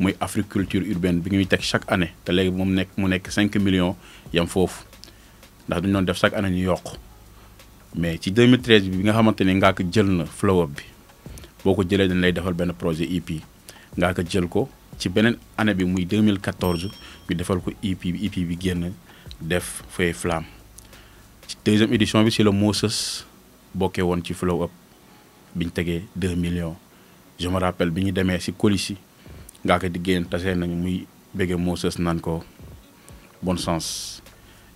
muy Africulture urbaine bi ñuy teg chaque année te léegi moom nekk mu nekk 5 millions yam foofu ndax duñu doon def chaque année ñu yokk mais ci 2013 bi nga xamante ne ngaa ko jël na flow up bi boo ko jëlee dañ lay defal benn projet EP ngaa ko jël ko ci beneen année bi muy 2014 ñu defal ko EP EP bi génn def feuille flamme ci deuxième édition bi si le Moses bokkee woon ci flow up biñ tegee 2 millions je me rappelle bi ñu demee si Colissi. ngaa ko di génn tasee nañu muy bége moo sës naan ko bon sens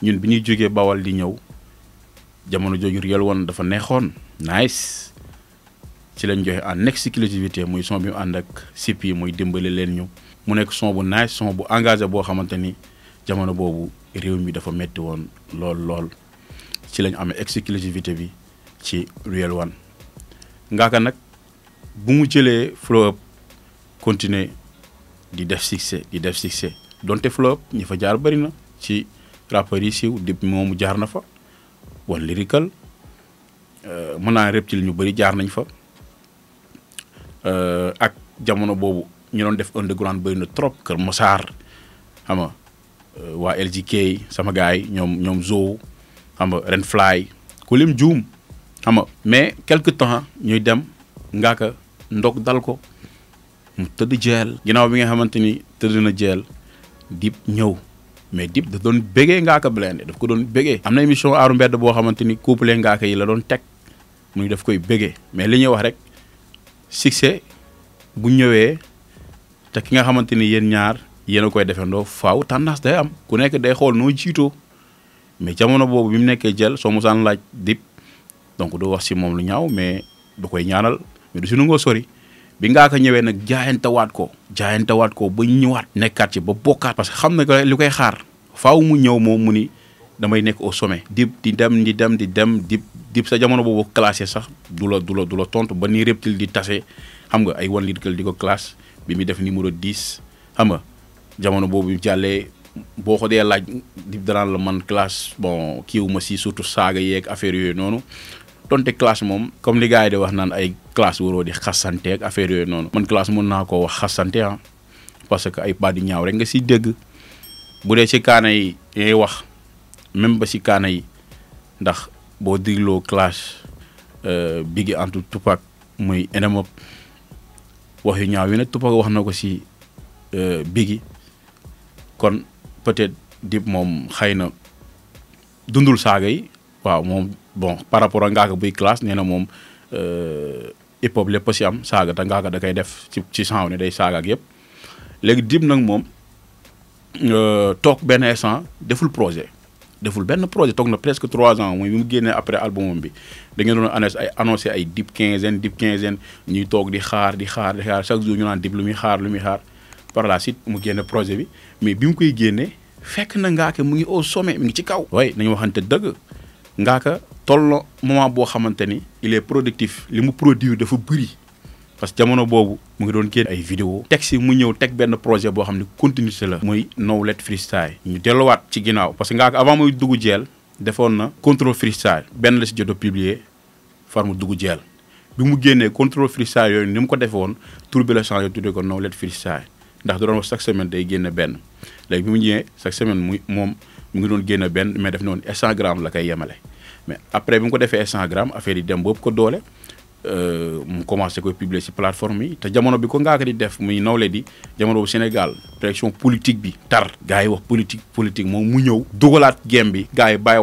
ñun bi ñuy jógee bawal di ñëw jamono jooju réel woon dafa neexoon nice ci lañ joxe en exclusivité muy son bi mu ànd ak sip yi muy dimbali leen ñu mu nekk son bu nice son bu engagé boo xamante ni jamono boobu réew mi dafa metti woon lool lool ci lañ amee exclusivité bi ci réel one ngaaka nag bi mu jëlee flow up continuer di def succès di def succès donte flop ñu fa jaar bëri na ci rappeurs yi siiw moomu jaar na fa wala lyrical euh, mën naa reptile ñu bëri jaar nañ fa euh, ak jamono boobu ñu doon def underground bëri na trop Kër Massar xam nga euh, waa LGK sama gars yi ñoom ñoom Zow xam nga Renfly ku lim juum xam nga mais quelque temps ñuy dem ngaaka ndog dal ko. mu tëdd jeel ginaaw bi nga xamante ni tëdd na jeel dib ñëw mais dib da doon bëggee Ngaaka Blindé daf ko doon bëggee am na émission aaru mbedd boo xamante ni couple Ngaaka yi la doon teg muy daf koy bëggee mais li ñuy wax rek succès bu ñëwee te ki nga xamante ni yéen ñaar yéen a koy defendoo faw tendance day am ku nekk day xool noo jiitoo mais jamono boobu bi mu nekkee jël soo musaan laaj dib donc du wax si moom lu ñaaw mais du koy ñaanal mais du si nangoo sori bi ngaa ko ñëwee nag waat ko waat ko ba ñëwaat nekkaat ci ba bokkaat parce que xam na li koy xaar faaw mu ñëw moom mu ni damay nekk au sommet dib di dem di dem di dem dib dib sa jamono boobu classé sax du la du la du la tontu ba ni reptile di tase xam nga ay wan litkal di ko classe bi muy def numéro 10 xam nga jamono boobu jàllee boo ko dee laaj dib danaan la man classe bon kiiwu si surtout saaga yeeg affaire yooyu noonu donte classe mom, comme li gars yi di wax naan ay classe waroo di xasante ak affaire yooyu noonu man classe mun naa koo wax xasante ah parce que ay baat yu ñaaw rek nga siy dégg bu dee ci kaana yi ngay wax même ba si kaana yi ndax boo digloo classe euh, bigi entre Tupac muy enema wax yu ñaaw yi nag Tupac wax na ko si euh, bigi kon peut-être Dip moom xëy na dundul saaga waaw moom bon par rapport ak ngaaka buy classe nee na moom euh, hip hop lépp si am saaga te ngaaka da koy def ci ci saaw ne day saaga ak yëpp léegi dib nag moom euh, toog benn instant deful projet deful benn projet toog na presque trois ans mooy bi mu génnee après albumam bi da ngeen doon annoncé ay annoncé ay dib quinzaine dib quinzaine ñuy toog di xaar di xaar di xaar chaque jour ñu naan dib lu muy xaar lu muy xaar par la suite mu génne projet bi mais bi mu koy génnee fekk na ngaaka mu ngi au sommet mu ngi ci kaw. waaye nañu waxante dëgg. Ngaaka toll moment bo xamanteni il est productif limu produire dafa bëri parce que jamono bobu mu ngi doon génn ay vidéo texte mu ñëw teg benn projet boo xam ne continuité la. muy Nowlet freestyle. ñu delluwaat ci ginnaaw parce que Ngaaka avant muy dugg jeel defoon na contrôle freestyle benn la si jot publier forme mu dugg jeel bi mu génnee contrôle freestyle yooyu ni mu ko defee woon tur bi la changé tuddee ko Nowlet freestyle ndax da doon wax chaque semaine day génne benn léegi bi mu ñëwee chaque semaine muy moom mu ngi doon 100 benn mais def grammes yemale mais après bi mu ko defee cent grammes affaire yi dem boobu ko euh, commencé publier ci plateforme yi te jamono bi ko ngaa di def muy Sénégal politique bi tar gars wax politique politique moom mu ñëw dugalaat gem bi gars yi bàyyi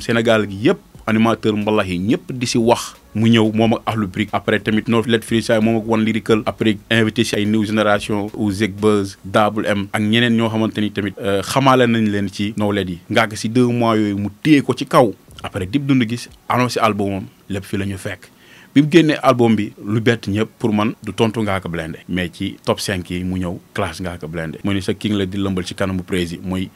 Sénégal gi yëpp animateur mbalax yi mu ñëw moom ak Akhlou Brick après tamit No Let Free Shy moom ak One Lyrical après invité si ay New Génération ou Zeg Buzz Double M ak ñeneen ñoo xamante ni tamit euh, xamaale nañ leen ci No Let yi nga ngàgg si deux mois yooyu mu téye ko ci kaw après Dip gis Guiss annoncé albumam lépp fi la ñu fekk bi mu génnee album bi lu bett ñëpp pour man du tontu Ngaaka Blindé mais ci top cinq yi mu ñëw classe Ngaaka Blindé mooy ni sa king la di lëmbal ci kanamu prési mooy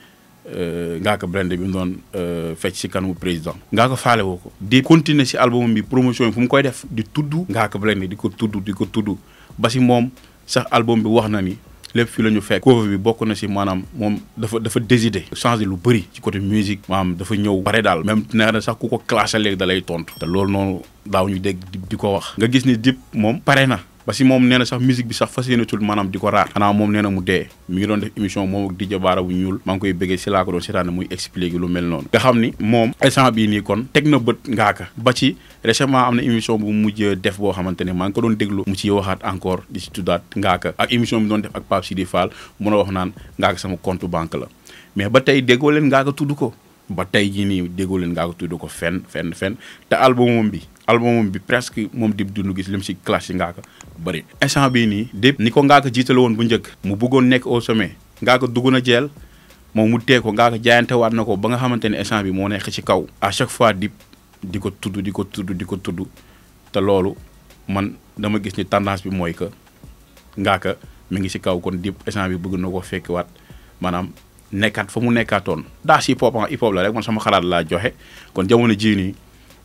Euh, nga ko Blindé bi mu euh fecc ci kanamu président nga ko woo ko di continuer ci album bi promotion yi fu mu koy def di tudd ko Blindé di ko tudd di ko tudd ba ci mom sax album bi wax na ni lépp fi lañu fekk cover bi bokk na si maanaam moom dafa dafa décider changer lu bëri ci côté musique manam dafa ñew bare dal même nee na sax ku ko classé léegi da tontu té lool non daaw ñu dégg di ko wax nga gis ni Dip mom pare na ba si moom nee na sax musique bi sax fas yéenatul maanaam di ko raar xanaa moom nee na mu dee mi ngi doon def émission moom ak DJ Baara bu ñuul maa ngi koy bëggee si laa ko doon seetaan muy expliquer lu mel noonu nga xam ni moom instant bii nii kon teg na bët ngaaka ba ci récemment am na émission bu mujj def boo xamante ne maa ngi ko doon déglu mu ciy waxaat encore di si tuddaat ngaaka ak émission bi doon def ak Pape Sidi Fall mun a wax naan ngaaka la mais ba tey déggoo leen ngaaka tudd ko ba tey jii nii déggoo leen ngaaka tudd ko fenn fenn fenn te album bi album bi presque moom Dip Doundou Guiss lim si clash si Ngaaka bëri instant bii nii Dip ni ko Ngaaka jiitale woon bu njëkk mu bëggoon nekk o sommet Ngaaka dugg na jeel moom mu tee ko Ngaaka jaayantewaat na ko ba nga xamante ne instant bi moo nekk ci kaw à chaque fois Dip di ko tudd di ko tudd di ko tudd te loolu man dama gis ni tendance bi mooy que Ngaaka mi ngi si kaw kon Dip instant bi bëgg na ko fekkiwaat maanaam nekkaat fa mu nekkaatoon daa si hip hop hip la rek man sama xalaat laa joxe kon jamono jii nii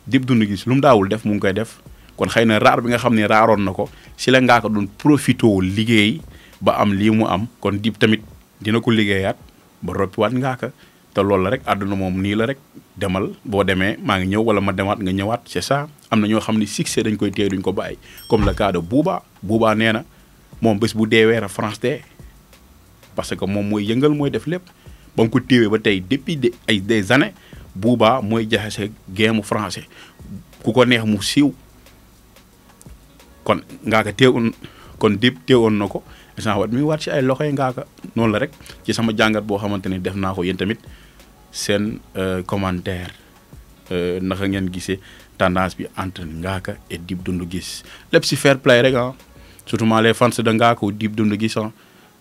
dib dund gi lu mu daawul def mu ngi koy def kon xëy na raar bi nga xam ne raaroon na ko si la ngaaka ko doon profité liggéey ba am lii mu am kon dib tamit dina ko liggéeyaat ba roppiwaat ngaa ko te loolu la rek àdduna moom nii la rek demal boo demee maa ngi ñëw wala ma demaat nga ñëwaat c'est ça am na ñoo xam ne succès dañ koy téye duñ ko bàyyi comme le cas buubaa Bouba Bouba nee na moom bés bu deewee a France de parce que moom mooy yëngal mooy def lépp ba mu ba tey depuis des ay des années buubaa mooy jaxase géemu français ku ko neex mu siiw kon ngaa ko teewoon kon dib teewoon na ko instant wat mi waat si ay loxo yi ngaa ko noonu la rek ci sama jàngat boo xamante ni def naa ko yéen tamit seen euh, commentaire euh, naka ngeen gise tendance bi entre Ngaaka et Dip Doundou gis lépp si fair play rek ah surtout ment les fans de Ngaaka Dip Doundou Guiss ah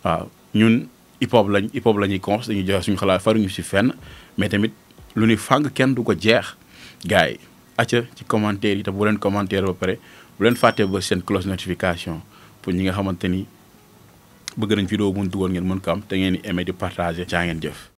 waaw ñun hip hop lañ hip hop la ñuy cons dañuy joxe suñu xalaat faruñu si fenn mais tamit. lu ni fàng kenn du ko jeex gars yi acca ci commentaire yi te bu leen commentaire ba pare bu leen fàtte ba seen cloche notification pour ñi nga xamante ni bëgg nañ vidéo bu ñu dugal ngeen mën ko am te ngeen di aimé di partagé jaa ngeen jëf